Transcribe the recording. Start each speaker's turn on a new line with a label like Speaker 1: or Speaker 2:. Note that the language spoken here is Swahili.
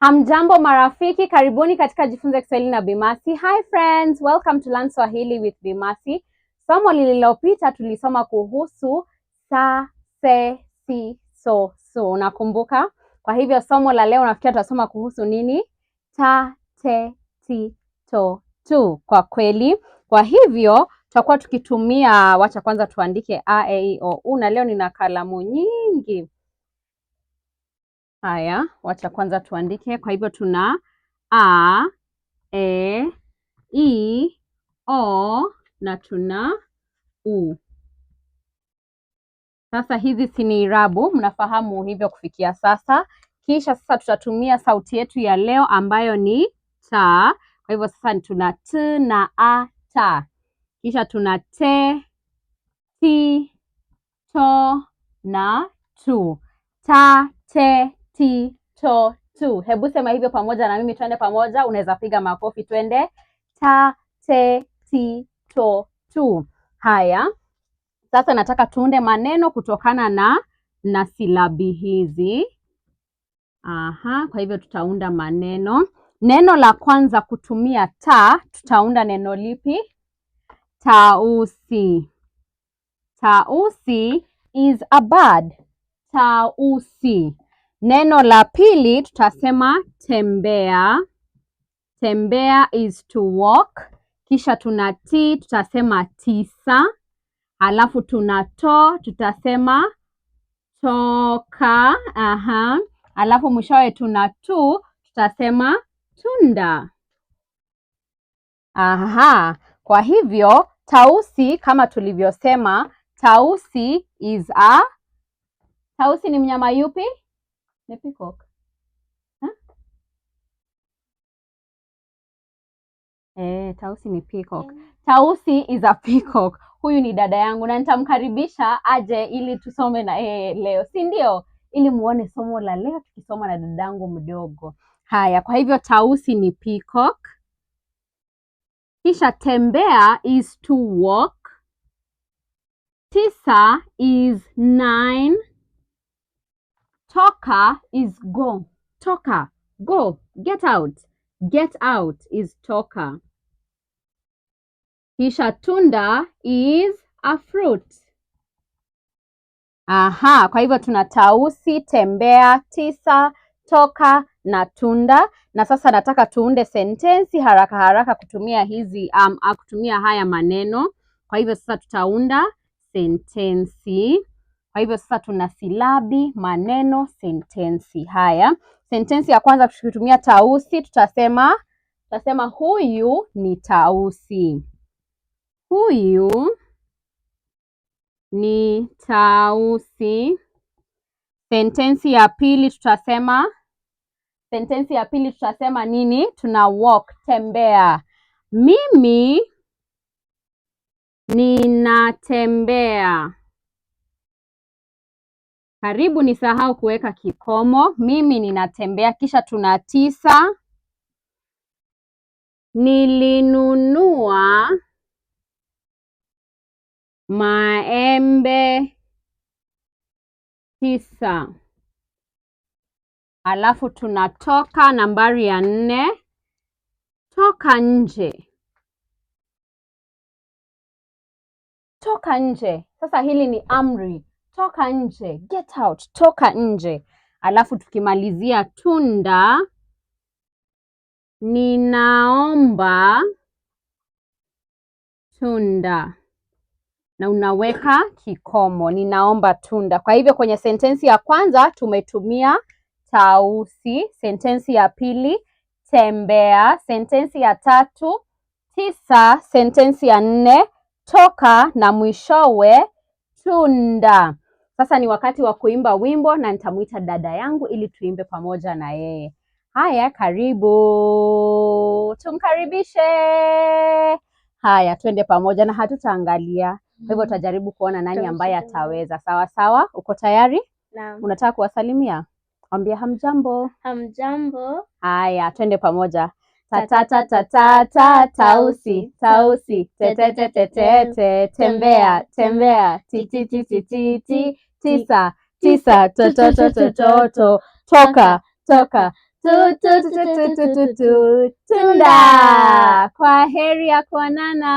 Speaker 1: Hamjambo marafiki, karibuni katika Jifunze Kiswahili na Bimasi. Hi friends, welcome to Learn Swahili with Bimasi. Somo lililopita tulisoma kuhusu sa, se, si, so, su. Unakumbuka? Kwa hivyo somo la leo nafikia tutasoma kuhusu nini? Ta, te, ti, to, tu. Kwa kweli, kwa hivyo tutakuwa tukitumia, wacha kwanza tuandike a, e, i, o, u, na leo nina kalamu nyingi Haya, wacha kwanza tuandike. Kwa hivyo tuna a, e, i, o na tuna u. Sasa hizi si ni irabu, mnafahamu hivyo kufikia sasa. Kisha sasa tutatumia sauti yetu ya leo ambayo ni ta. Kwa hivyo sasa tuna t na a ta, kisha tuna te, ti, to na tu, ta, te T-to-tu. Hebu sema hivyo pamoja na mimi, twende pamoja. Unaweza piga makofi, twende ta-te-ti-to-tu. Haya, sasa nataka tuunde maneno kutokana na na silabi hizi. Aha, kwa hivyo tutaunda maneno. Neno la kwanza kutumia ta, tutaunda neno lipi? Tausi. Tausi is a bird. Tausi. Neno la pili tutasema tembea. Tembea is to walk. Kisha tuna ti tutasema tisa, alafu tuna to tutasema toka. Aha. Alafu mwishowe tuna tu tutasema tunda. Aha. Kwa hivyo tausi kama tulivyosema, tausi is a, tausi ni mnyama yupi? Ne peacock. Huh? Eh, tausi ni peacock. Eh. Tausi is a peacock. Huyu ni dada yangu na nitamkaribisha aje ili tusome na yeye leo, si ndio? Ili muone somo la leo tukisoma na dadangu mdogo. Haya, kwa hivyo Tausi ni peacock. Kisha tembea is to walk. Tisa is nine. Toka is go. Toka, go, get out. Get out is toka. Kisha tunda is a fruit. Aha, kwa hivyo tuna tausi, tembea, tisa, toka na tunda. Na sasa nataka tuunde sentensi haraka haraka kutumia hizi um, kutumia haya maneno. Kwa hivyo sasa tutaunda sentensi. Kwa hivyo sasa tuna silabi, maneno, sentensi. Haya, sentensi ya kwanza tukitumia tausi tutasema tutasema huyu ni tausi, huyu ni tausi. Sentensi ya pili tutasema sentensi ya pili tutasema nini? Tuna walk, tembea. Mimi ninatembea. Karibu nisahau kuweka kikomo. Mimi ninatembea kisha tuna tisa. Nilinunua maembe tisa. Alafu tunatoka nambari ya nne. Toka nje. Toka nje. Sasa hili ni amri toka nje, get out, toka nje. Alafu tukimalizia tunda, ninaomba tunda, na unaweka kikomo, ninaomba tunda. Kwa hivyo kwenye sentensi ya kwanza tumetumia tausi, sentensi ya pili tembea, sentensi ya tatu tisa, sentensi ya nne toka, na mwishowe tunda. Sasa ni wakati wa kuimba wimbo na nitamwita dada yangu ili tuimbe pamoja na yeye. Haya, karibu tumkaribishe. Haya, twende pamoja na hatutaangalia kwa hivyo mhm. tutajaribu kuona nani ambaye ataweza. Sawa sawa, uko tayari? Naam. Unataka kuwasalimia? Ambia hamjambo.
Speaker 2: Hamjambo.
Speaker 1: Haya, twende pamoja tatata tatata tausi tausi tetetetetete tembea tembea titititititi tisa tisa totototototo toka toka tunda. Kwa heri ya kuonana.